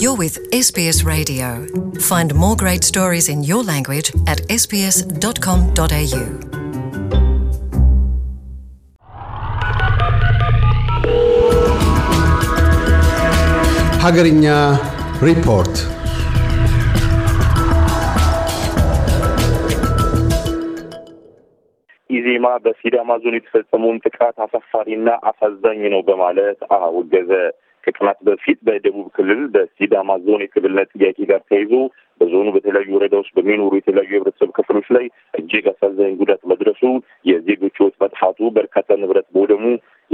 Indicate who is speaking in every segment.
Speaker 1: You're with SBS Radio. Find more great stories in your language at sbs.com.au. ሀገርኛ ሪፖርት ኢዜማ በሲዳማ ዞን የተፈጸመውን ጥቃት አሳፋሪና አሳዛኝ ነው በማለት አወገዘ። ከቀናት በፊት በደቡብ ክልል በሲዳማ ዞን የክልልነት ጥያቄ ጋር ተይዞ በዞኑ በተለያዩ ወረዳዎች በሚኖሩ የተለያዩ የህብረተሰብ ክፍሎች ላይ እጅግ አሳዛኝ ጉዳት መድረሱ፣ የዜጎች ህይወት መጥፋቱ፣ በርካታ ንብረት መውደሙ፣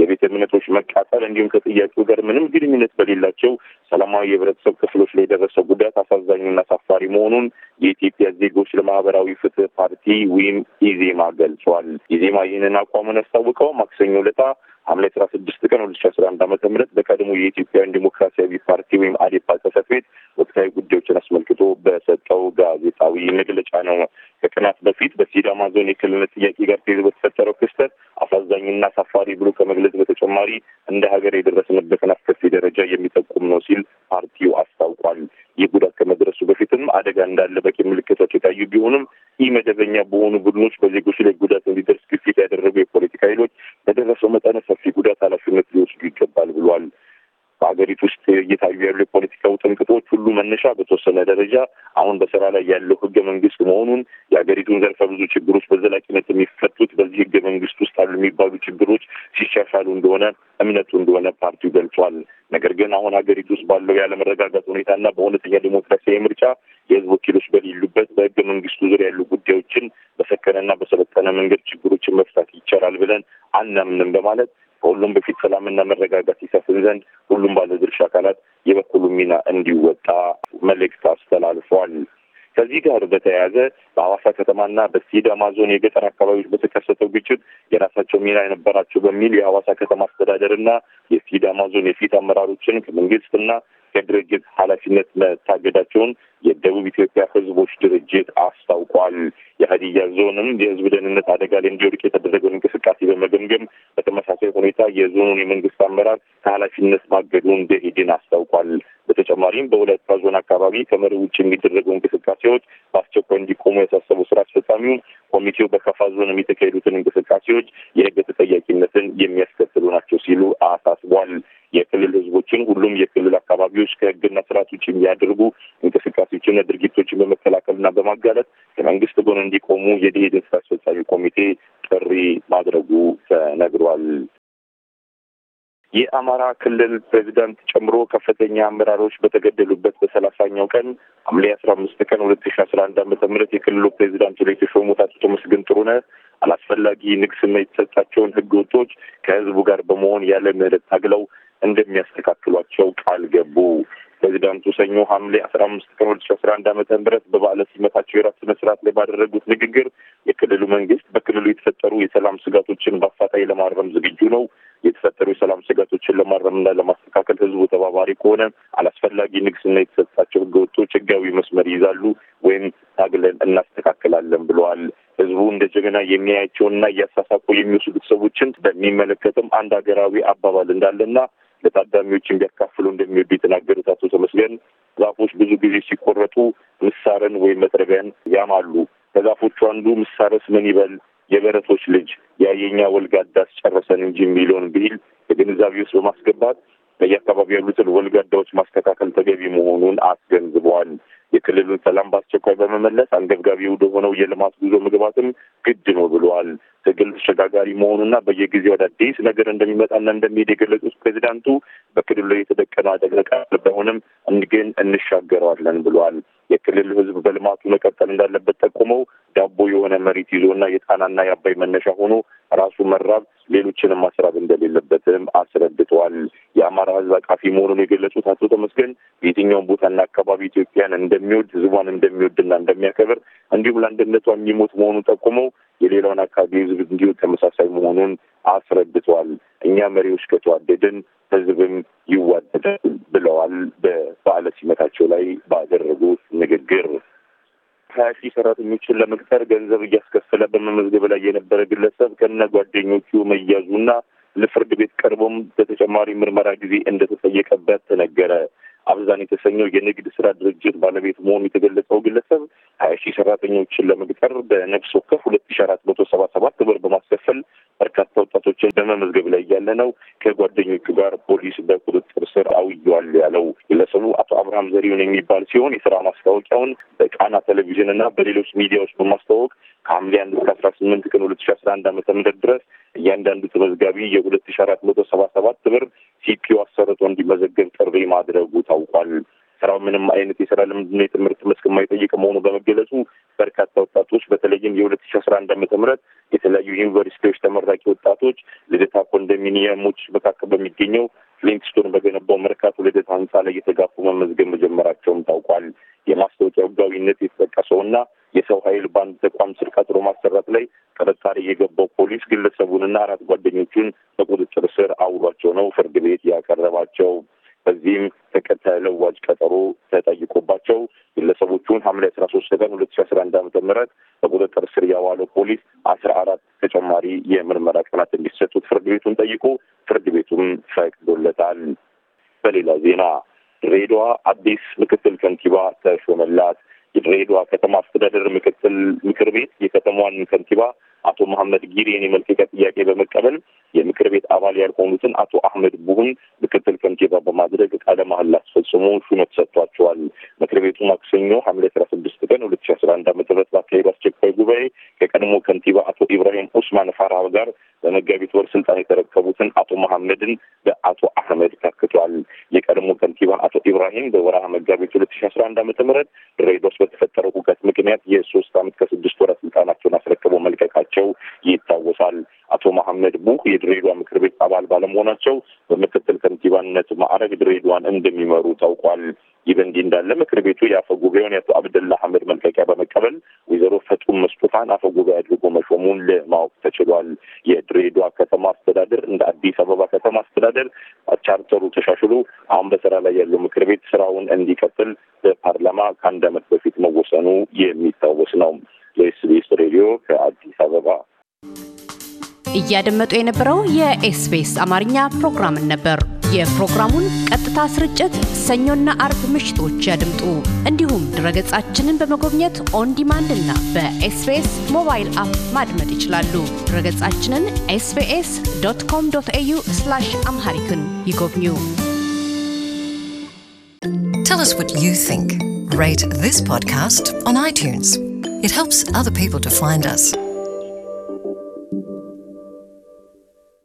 Speaker 1: የቤተ እምነቶች መቃጠል እንዲሁም ከጥያቄው ጋር ምንም ግንኙነት በሌላቸው ሰላማዊ የህብረተሰብ ክፍሎች ላይ የደረሰው ጉዳት አሳዛኝና አሳፋሪ መሆኑን የኢትዮጵያ ዜጎች ለማህበራዊ ፍትህ ፓርቲ ወይም ኢዜማ ገልጿል። ኢዜማ ይህንን አቋሙን ያስታውቀው ማክሰኞ ለታ ሐምሌ አስራ ስድስት ቀን ሁለት ሺ አስራ አንድ ዓመተ ምህረት በቀድሞ የኢትዮጵያውያን ዲሞክራሲያዊ ፓርቲ ወይም አዴፓ ጽህፈት ቤት ወቅታዊ ጉዳዮችን አስመልክቶ በሰጠው ጋዜጣዊ መግለጫ ነው። ከቀናት በፊት በሲዳማ ዞን የክልልነት ጥያቄ ጋር ተይዞ በተፈጠረው ክስተት አሳዛኝና አሳፋሪ ብሎ ከመግለጽ በተጨማሪ እንደ ሀገር የደረስንበትን ደረጃ የሚጠቁም ነው ሲል ፓርቲው አስታውቋል። ይህ ጉዳት ከመድረሱ በፊትም አደጋ እንዳለ በቂ ምልክቶች የታዩ ቢሆንም ይህ መደበኛ በሆኑ ቡድኖች በዜጎች ላይ ጉዳት እንዲደርስ ግፊት ያደረጉ የፖለቲካ ኃይሎች በደረሰው መጠነ ሰፊ ጉዳት ኃላፊነት ሊወስዱ ይገባል በሀገሪቱ ውስጥ እየታዩ ያሉ የፖለቲካ ውጥንቅጦች ሁሉ መነሻ በተወሰነ ደረጃ አሁን በስራ ላይ ያለው ህገ መንግስት መሆኑን የሀገሪቱን ዘርፈ ብዙ ችግሮች በዘላቂነት የሚፈቱት በዚህ ህገ መንግስት ውስጥ አሉ የሚባሉ ችግሮች ሲሻሻሉ እንደሆነ እምነቱ እንደሆነ ፓርቲው ገልጿል። ነገር ግን አሁን ሀገሪቱ ውስጥ ባለው ያለመረጋጋት ሁኔታና በእውነተኛ ዲሞክራሲያዊ ምርጫ የህዝብ ወኪሎች በሌሉበት በህገ መንግስቱ ዙሪያ ያሉ ጉዳዮችን በሰከነና በሰለጠነ መንገድ ችግሮችን መፍታት ይቻላል ብለን አናምንም በማለት ከሁሉም በፊት ሰላምና መረጋጋት ይሰፍን ዘንድ ሁሉም ባለድርሻ አካላት የበኩሉ ሚና እንዲወጣ መልእክት አስተላልፏል። ከዚህ ጋር በተያያዘ በሐዋሳ ከተማና በሲዳማ ዞን የገጠር አካባቢዎች በተከሰተው ግጭት የራሳቸው ሚና የነበራቸው በሚል የሐዋሳ ከተማ አስተዳደርና የሲዳማ ዞን የፊት አመራሮችን ከመንግስትና ከድርጅት ኃላፊነት መታገዳቸውን የደቡብ ኢትዮጵያ ሕዝቦች ድርጅት አስታውቋል። የሀዲያ ዞንም የሕዝብ ደህንነት አደጋ ላይ እንዲወድቅ የተደረገውን እንቅስቃሴ በመገምገም በተመሳሳይ ሁኔታ የዞኑን የመንግስት አመራር ከኃላፊነት ማገዱን ደኢህዴን አስታውቋል። በተጨማሪም በወላይታ ዞን አካባቢ ከመሪ ውጭ የሚደረጉ እንቅስቃሴዎች በአስቸኳይ እንዲቆሙ ያሳሰቡ ስራ አስፈጻሚው ኮሚቴው በከፋ ዞን የሚተካሄዱትን እንቅስቃሴዎች የህግ ተጠያቂነትን የሚያስከትሉ ናቸው ሲሉ አሳስቧል። የክልል ህዝቦችን ሁሉም የክልል አካባቢዎች ከህግና ስርዓት ውጭ የሚያደርጉ እንቅስቃሴዎችና ድርጊቶችን በመከላከልና በማጋለጥ ከመንግስት ጎን እንዲቆሙ የደኢህዴን ስራ አስፈጻሚ ኮሚቴ ጥሪ ማድረጉ ተነግሯል። የአማራ ክልል ፕሬዚዳንት ጨምሮ ከፍተኛ አመራሮች በተገደሉበት በሰላሳኛው ቀን ሐምሌ አስራ አምስት ቀን ሁለት ሺ አስራ አንድ ዓመተ ምህረት የክልሉ ፕሬዚዳንት ሆነው የተሾሙት አቶ ተመስገን ጥሩነህ አላስፈላጊ ንግስና የተሰጣቸውን ህገ ወጦች ከህዝቡ ጋር በመሆን ያለ ምህረት ታግለው እንደሚያስተካክሏቸው ቃል ገቡ። ፕሬዚዳንቱ ሰኞ ሐምሌ አስራ አምስት ቀን ሁለት ሺ አስራ አንድ አመተ ምህረት በበዓለ ሲመታቸው የራት ስነ ስርዓት ላይ ባደረጉት ንግግር የክልሉ መንግስት በክልሉ የተፈጠሩ የሰላም ስጋቶችን በአፋጣኝ ለማረም ዝግጁ ነው የተፈጠሩ የሰላም ስጋቶችን ለማረምና ለማስተካከል ህዝቡ ተባባሪ ከሆነ አላስፈላጊ ንግስና የተሰጣቸው ህገወጦች ህጋዊ መስመር ይይዛሉ ወይም ታግለን እናስተካክላለን ብለዋል። ህዝቡ እንደ ጀግና የሚያያቸውና እያሳሳቁ የሚወስዱት ሰዎችን በሚመለከትም አንድ ሀገራዊ አባባል እንዳለና ለታዳሚዎች እንዲያካፍሉ እንደሚወዱ የተናገሩት አቶ ተመስገን ዛፎች ብዙ ጊዜ ሲቆረጡ ምሳረን ወይም መጥረቢያን ያማሉ። ከዛፎቹ አንዱ ምሳረስ ምን ይበል የበረቶች ልጅ ያየኛ ወልጋዳስ ጨረሰን እንጂ የሚለውን ብሂል ከግንዛቤ ውስጥ በማስገባት በየአካባቢ ያሉትን ወልጋዳዎች ማስተካከል ተገቢ መሆኑን አስገንዝበዋል። የክልሉን ሰላም በአስቸኳይ በመመለስ አንገብጋቢ ወደሆነው የልማት ጉዞ መግባትም ግድ ነው ብለዋል። ትግል ተሸጋጋሪ መሆኑና በየጊዜው አዳዲስ ነገር እንደሚመጣና እንደሚሄድ የገለጹት ፕሬዚዳንቱ በክልሉ ላይ የተደቀነው አደጋ ቃል ባይሆንም እንሻገረዋለን ብለዋል። የክልል ህዝብ በልማቱ መቀጠል እንዳለበት ጠቁመው ዳቦ የሆነ መሬት ይዞና የጣናና የአባይ መነሻ ሆኖ ራሱ መራብ ሌሎችንም ማስራብ እንደሌለበትም አስረድተዋል። የአማራ ህዝብ አቃፊ መሆኑን የገለጹት አቶ ተመስገን የትኛውን ቦታና አካባቢ ኢትዮጵያን እንደሚወድ ህዝቧን እንደሚወድና እንደሚያከብር እንዲሁም ለአንድነቷ የሚሞት መሆኑን ጠቁመው የሌላውን አካባቢ ህዝብ እንዲሁ ተመሳሳይ መሆኑን አስረድተዋል። እኛ መሪዎች ከተዋደድን ህዝብም ይዋደዳል ብለዋል። በበዓለ ሲመታቸው ላይ ባደረጉት ንግግር ሀያ ሺህ ሰራተኞችን ለመቅጠር ገንዘብ እያስከፈለ በመመዝገብ ላይ የነበረ ግለሰብ ከነ ጓደኞቹ መያዙና ለፍርድ ቤት ቀርቦም በተጨማሪ ምርመራ ጊዜ እንደተጠየቀበት ተነገረ። አብዛን የተሰኘው የንግድ ስራ ድርጅት ባለቤት መሆኑ የተገለጸው ግለሰብ ሀያ ሺህ ሰራተኞችን ለመቅጠር በነፍስ ወከፍ ሁለት ሺህ አራት መቶ ሰባ ሰባት ብር በማስከፈል በርካታ ወጣቶችን በመመዝገብ ላይ እያለ ነው ከጓደኞቹ ጋር ፖሊስ በቁጥጥር ስር አውየዋል ያለው ግለሰቡ አቶ አብርሃም ዘሪሁን የሚባል ሲሆን የስራ ማስታወቂያውን በቃና ቴሌቪዥን እና በሌሎች ሚዲያዎች በማስተዋወቅ ከሐምሌ አንድ እስከ አስራ ስምንት ቀን ሁለት ሺህ አስራ አንድ ዓመተ ምህረት ድረስ እያንዳንዱ ተመዝጋቢ የሁለት ሺህ አራት መቶ ሰባ ሰባት ብር ሲፒዩ አሰርቶ እንዲመዘገብ ጥሪ ማድረጉ ታውቋል። ስራው ምንም አይነት የስራ ልምድና የትምህርት መስክ የማይጠይቅ መሆኑ በመገለጹ በርካታ ወጣቶች በተለይም የሁለት ሺ አስራ አንድ አመተ ምህረት የተለያዩ ዩኒቨርሲቲዎች ተመራቂ ወጣቶች ልደታ ኮንዶሚኒየሞች መካከል በሚገኘው ፍሊንትስቶን በገነባው መርካቶ ልደታ ህንፃ ላይ የተጋፉ መመዝገብ መጀመራቸውም ታውቋል። የማስታወቂያ ህጋዊነት የተጠቀሰውና የሰው ኃይል በአንድ ተቋም ስር ቀጥሮ ማሰራት ላይ ጥርጣሬ የገባው ፖሊስ ግለሰቡንና አራት ጓደኞቹን በቁጥጥር ስር አውሏቸው ነው ፍርድ ቤት ያቀረባቸው። በዚህም ተለዋጭ ቀጠሮ ተጠይቆባቸው ግለሰቦቹን ሐምሌ አስራ ሶስት ቀን ሁለት ሺ አስራ አንድ ዓመተ ምህረት በቁጥጥር ስር ያዋለው ፖሊስ አስራ አራት ተጨማሪ የምርመራ ቀናት እንዲሰጡት ፍርድ ቤቱን ጠይቆ ፍርድ ቤቱም ፈቅዶለታል። በሌላ ዜና ድሬዳዋ አዲስ ምክትል ከንቲባ ተሾመላት። የድሬዳዋ ከተማ አስተዳደር ምክትል ምክር ቤት የከተማዋን ከንቲባ አቶ መሐመድ ጊሬን የመልቀቂያ ጥያቄ በመቀበል የምክር ቤት አባል ያልሆኑትን አቶ አህመድ ቡሁን ምክትል ከንቲባ በማድረግ ቃለ መሐላ አስፈጽሞ ሹመት ሰጥቷቸዋል። ምክር ቤቱ ማክሰኞ ሐምሌ አስራ ስድስት ቀን ሁለት ሺ አስራ አንድ ዓመተ ምህረት ባካሄዱ አስቸኳይ ጉባኤ ከቀድሞ ከንቲባ አቶ ኢብራሂም ኡስማን ፋራ ጋር በመጋቢት ወር ስልጣን የተረከቡትን አቶ መሐመድን በአቶ አህመድ ተክቷል። የቀድሞ ከንቲባ አቶ ኢብራሂም በወርሃ መጋቢት ሁለት ሺ አስራ አንድ ዓመተ ምህረት ድሬዳዋ ውስጥ በተፈጠረው ሁከት ምክንያት የሶስት አመት ከስድስት ወራት ስልጣናቸውን አስረክበው መልቀቅ መሆናቸው ይታወሳል። አቶ መሐመድ ቡህ የድሬዳዋ ምክር ቤት አባል ባለመሆናቸው በምክትል ከንቲባነት ማዕረግ ድሬዳዋን እንደሚመሩ ታውቋል። ይህ በእንዲህ እንዳለ ምክር ቤቱ የአፈ ጉባኤውን የአቶ አብደላ ሐመድ መልቀቂያ በመቀበል ወይዘሮ ፈጡም መስጡፋን አፈ ጉባኤ አድርጎ መሾሙን ለማወቅ ተችሏል። የድሬዳዋ ከተማ አስተዳደር እንደ አዲስ አበባ ከተማ አስተዳደር ቻርተሩ ተሻሽሎ አሁን በስራ ላይ ያለው ምክር ቤት ስራውን እንዲቀጥል በፓርላማ ከአንድ ዓመት በፊት መወሰኑ የሚታወስ ነው። ለኤስቢኤስ ሬዲዮ ከአዲስ አበባ። እያደመጡ የነበረው የኤስቢኤስ አማርኛ ፕሮግራምን ነበር። የፕሮግራሙን ቀጥታ ስርጭት ሰኞና አርብ ምሽቶች ያድምጡ። እንዲሁም ድረገጻችንን በመጎብኘት ኦን ዲማንድ እና በኤስቢኤስ ሞባይል አፕ ማድመጥ ይችላሉ። ድረገጻችንን ኤስቢኤስ ዶት ኮም ዶት ኤዩ አምሃሪክን ይጎብኙ። Tell us what you think. Rate this podcast on iTunes. It helps other people to find us.